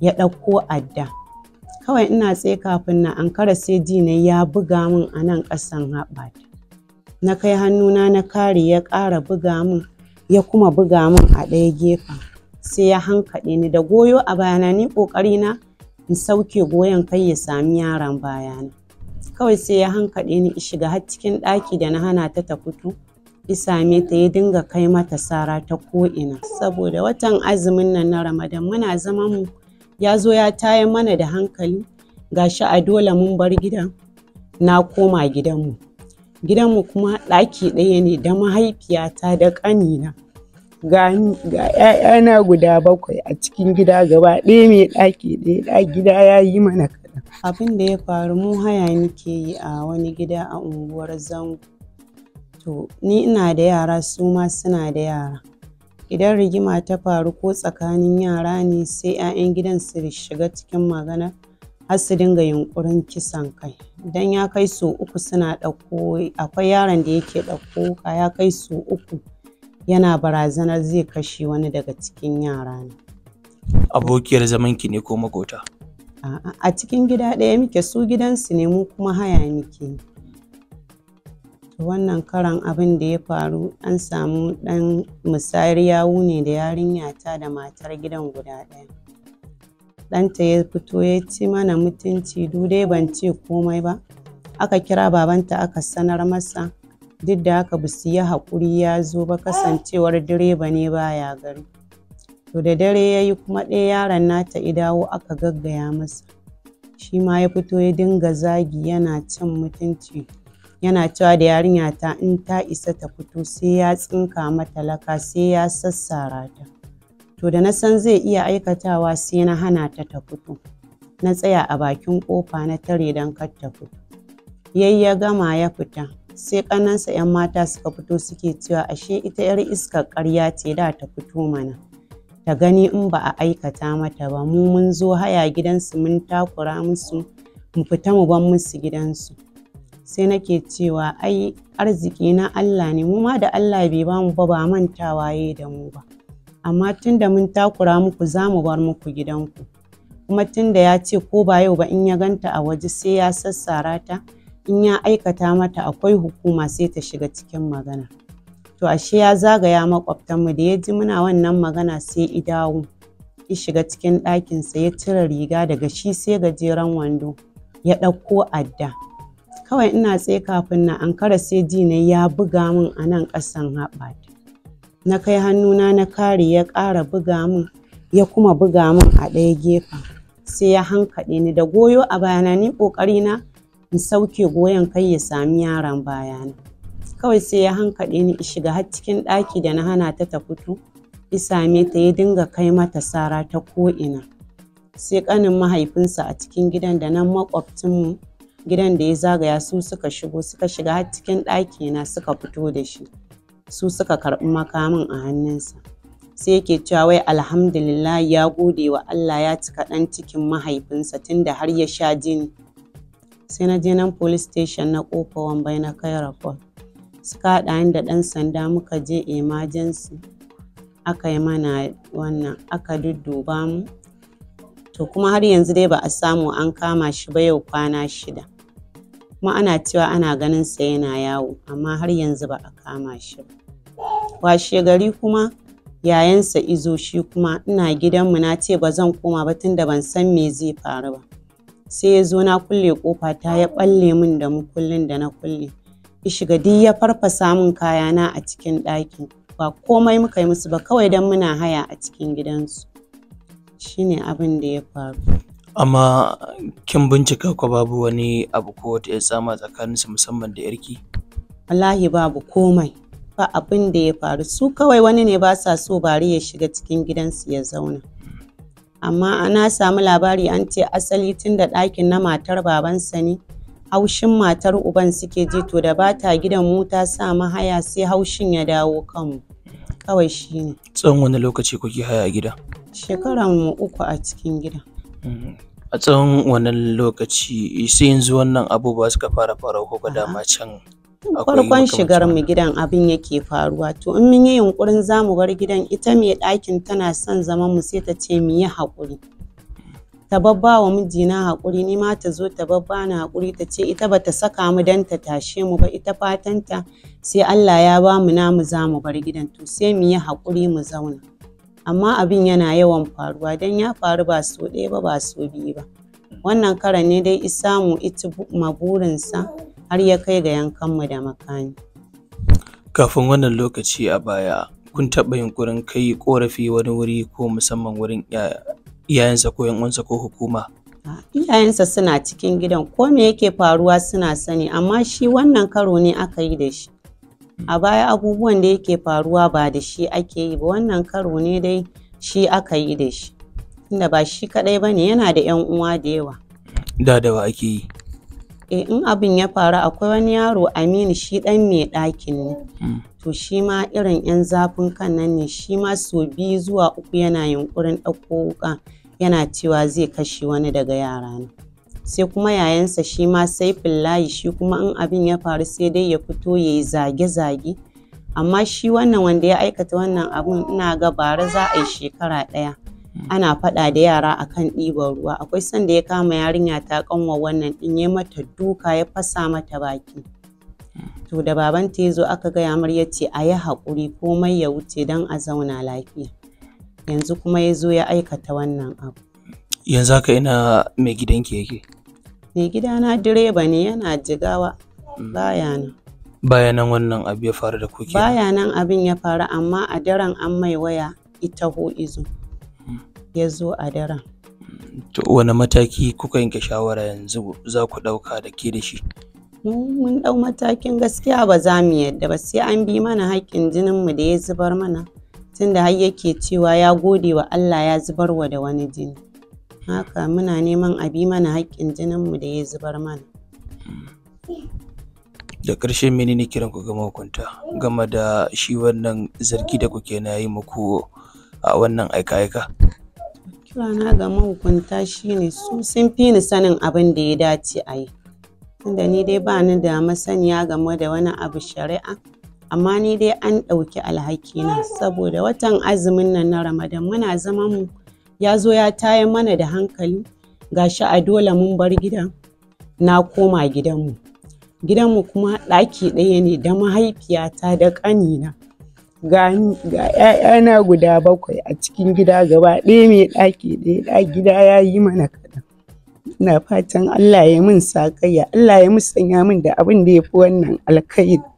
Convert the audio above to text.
ya ɗauko adda kawai ina tsaye kafin na ankara sai ji na ya buga min a nan ƙasan haɓata na kai hannuna na kare ya ƙara buga min ya kuma buga min a ɗaya gefen sai ya hankaɗe ni da goyo a bayana ni ƙoƙari na in sauke goyon kai ya sami yaron bayana kawai sai ya hankaɗe ni in shiga har cikin ɗaki da na hana ta ta fito same ta ya dinga kai mata sara ta ko'ina saboda watan azumin nan na ramadan muna zama mu ya zo ya tayar mana da hankali gashi a dole mun bar gidan na koma gidanmu gidanmu kuma ɗaki ɗaya ne da mahaifiyata da ƙanina ga ‘ya'yana guda bakwai a cikin gida gaba ɗaya mai ɗaki ɗaya ɗa gida ya yi mana kaɗan abin da ya faru mu haya muke yi a wani gida a unguwar zango to ni ina da yara su ma suna da yara Idan rigima ta faru ko tsakanin yara ne sai 'ya'yan gidan su shiga cikin magana har su dinga yunƙurin kisan kai. idan ya kai su uku suna ɗauko akwai yaron da yake ɗauko ka ya kai su uku yana barazanar zai kashe wani daga cikin yara ne. Abokiyar zamanki ne ko maƙota? a cikin gida ɗaya muke su gidansu ne mu kuma haya muke ne wannan karan abin da ya faru an samu ɗan musayar yawu ne da yarinya ta da matar gidan guda ɗaya ɗanta ya fito ya ci mana mutunci duk dai ban ce komai ba aka kira babanta aka sanar masa duk da aka busi ya haƙuri ya zo ba kasancewar direba ne baya gari to da dare ya yi kuma ɗaya yaron nata idawo aka gaggaya masa shi ma ya fito ya dinga zagi yana cin mutunci yana cewa da yarinya ta in ta isa ta fito sai ya tsinka mata laka sai ya sassara ta to da na san zai iya aikatawa sai na hana ta ta fito na tsaya a bakin kofa na tare don kar ta fito yayi ya gama ya fita sai ƙanansa 'yan mata suka fito suke cewa ashe ita 'yar iskar ƙarya ce da ta fito mana ta gani in ba a aikata mata ba mu mun zo haya gidansu mun takura musu mu fita mu ban musu gidansu sai nake cewa ai arziki na Allah ne mu ma da Allah bai ba mu ba ba mantawa da mu ba amma tun da mun takura muku za mu bar muku gidanku kuma tun da ya ce ko ba yau ba in ya ganta a waje sai ya sassara ta in ya aikata mata akwai hukuma sai ta shiga cikin magana to ashe ya zagaya makwabtanmu da ya ji muna wannan magana sai i dawo ya shiga cikin ɗakinsa ya cire riga daga shi sai gajeren wando ya ɗauko adda kawai ina tsaye kafin na ankara sai dina ya buga min a nan ƙasan haɓata na kai hannuna na kare ya ƙara buga min ya kuma buga min a ɗaya gefen sai ya hankaɗe ni da goyo a bayana ni ƙoƙari na in sauke goyon kai ya sami yaron bayana kawai sai ya hankaɗe ni in shiga har cikin ɗaki da na hana ta ta fito same ta ya dinga kai mata sara ta ko'ina sai ƙanin mahaifinsa a cikin gidan da nan maƙwabcinmu gidan da ya zagaya su suka shigo suka shiga har cikin ɗaki na suka fito da shi su suka karɓi makamin a hannunsa sai yake cewa wai alhamdulillah ya gode wa Allah ya cika ɗan cikin mahaifinsa tunda har ya sha jini sai na je nan police station na kofa wambai na kai report suka haɗa da ɗan sanda muka je emergency aka yi mana wannan aka dudduba mu to kuma har yanzu dai ba a samu an kama shi ba yau kwana shida kuma ana cewa ana ganin sa yana yawo amma har yanzu ba a kama shi ba washe gari kuma yayansa izo shi kuma ina gidanmu na ce ba zan koma ba tunda ban san me zai faru ba sai ya zo na kulle kofa ta ya balle min da mukullin da na kulle shiga duk ya farfasa min kayana a cikin ɗakin ba komai muka yi musu ba kawai don muna haya a cikin gidansu Shi ne abin da ya faru amma kin bincika ko babu wani abu ko wata ya tsama tsakaninsu musamman da yarki wallahi babu komai ba abin da ya faru su kawai wani ne ba sa so bari ya shiga cikin gidansu ya zauna amma na samu labari an ce asali tun da ɗakin na matar babansa ne haushin matar uban suke ji to da bata gidan mu ta sa mahaya sai haushin ya dawo kanmu kawai shine tsawon wani lokaci kuke haya gida shekaran mu uku a cikin gida mm-hmm. a tsawon wannan lokaci sai yanzu wannan abubuwa suka fara faruwa ko ga dama can farkon shigar mu gidan abin yake faruwa to in mun yi yunkurin za mu bar gidan ita mai ɗakin tana son zaman mu sai ta ce mu yi haƙuri ta babba wa mijina haƙuri ni ma ta zo ta babba na haƙuri ta ce ita bata saka mu dan ta tashe mu ba ita fatanta sai Allah ya ba mu namu za mu bar gidan to sai mu yi haƙuri mu zauna amma abin yana yawan faruwa don ya faru ba su ɗaya ba ba so biyu ba wannan karan ne dai mu ita maburinsa har ya kai ga yankanmu da makani kafin wannan lokaci a baya kun taɓa yunkurin kai ƙorafi wani wuri ko musamman wurin iyayensa ko yankunsa ko hukuma iyayensa suna cikin gidan ko me yake faruwa suna sani amma shi wannan karo ne aka yi da shi a baya abubuwan da yake faruwa ba da shi ake yi ba wannan karo ne dai shi aka yi da shi inda ba shi kadai ba ne yana da yan uwa da yawa da da ba ake yi e in abin ya faru akwai wani yaro aminu shi dan mai ɗakin ne hmm. to shi ma irin yan zafin kan nan ne shi ma so biyu zuwa uku yana yunkurin ɗauko wuka yana cewa zai kashe wani daga yara ne sai kuma yayansa shi ma sai saifullahi shi kuma in abin ya faru sai dai ya fito ya yi zage-zage amma shi wannan wanda ya aikata wannan abun ina ga bara za a yi shekara ɗaya ana faɗa da yara a kan ɗiban ruwa akwai sanda ya kama yarinya ta kanwa wannan ɗin ya mata duka ya fasa mata baki to da babanta ya zo aka gaya mar ya ce a yi haƙuri komai ya wuce don a zauna lafiya yanzu kuma ya zo ya aikata wannan abu yanzu haka ina mai gidanki yake Mai gidana direba ne yana jigawa mm. baya nan. wannan abu ya faru da kuke? Baya abin ya faru amma a daren an mai waya ita ho izo. Mm. Ya zo a daren. Mm. To wani mataki kuka yanke shawara yanzu za ku ɗauka da ke da shi? Mun ɗau matakin gaskiya ba za mu yadda ba sai an bi mana haƙƙin jininmu da ya zubar mana. Tunda har yake cewa ya gode wa Allah ya zubar wa da wani jini. haka muna neman a bi mana haƙƙin mu da ya zubar mana da ƙarshe menene kiran ku ga mahukunta game da shi wannan zargi da kuke na yi muku a wannan aika-aika kirana ga mahukunta shine su sun fi ni sanin abin da ya dace a yi tunda ni dai ba ni da masaniya game da wani abu shari'a amma ni dai an ɗauki alhaki na saboda watan azumin nan na ramadan muna zaman mu ya zo ya tayar mana da hankali gashi a dole mun bar gidan na koma gidanmu gidanmu kuma ɗaki ɗaya ne da mahaifiyata da ƙanina ga ‘ya'yana guda bakwai a cikin gida gaba ɗaya mai ɗaki ɗaya ɗa gida ya yi mana kaɗan ina fatan Allah ya min sa Allah ya musanya min da abin da ya fi wannan alkhairi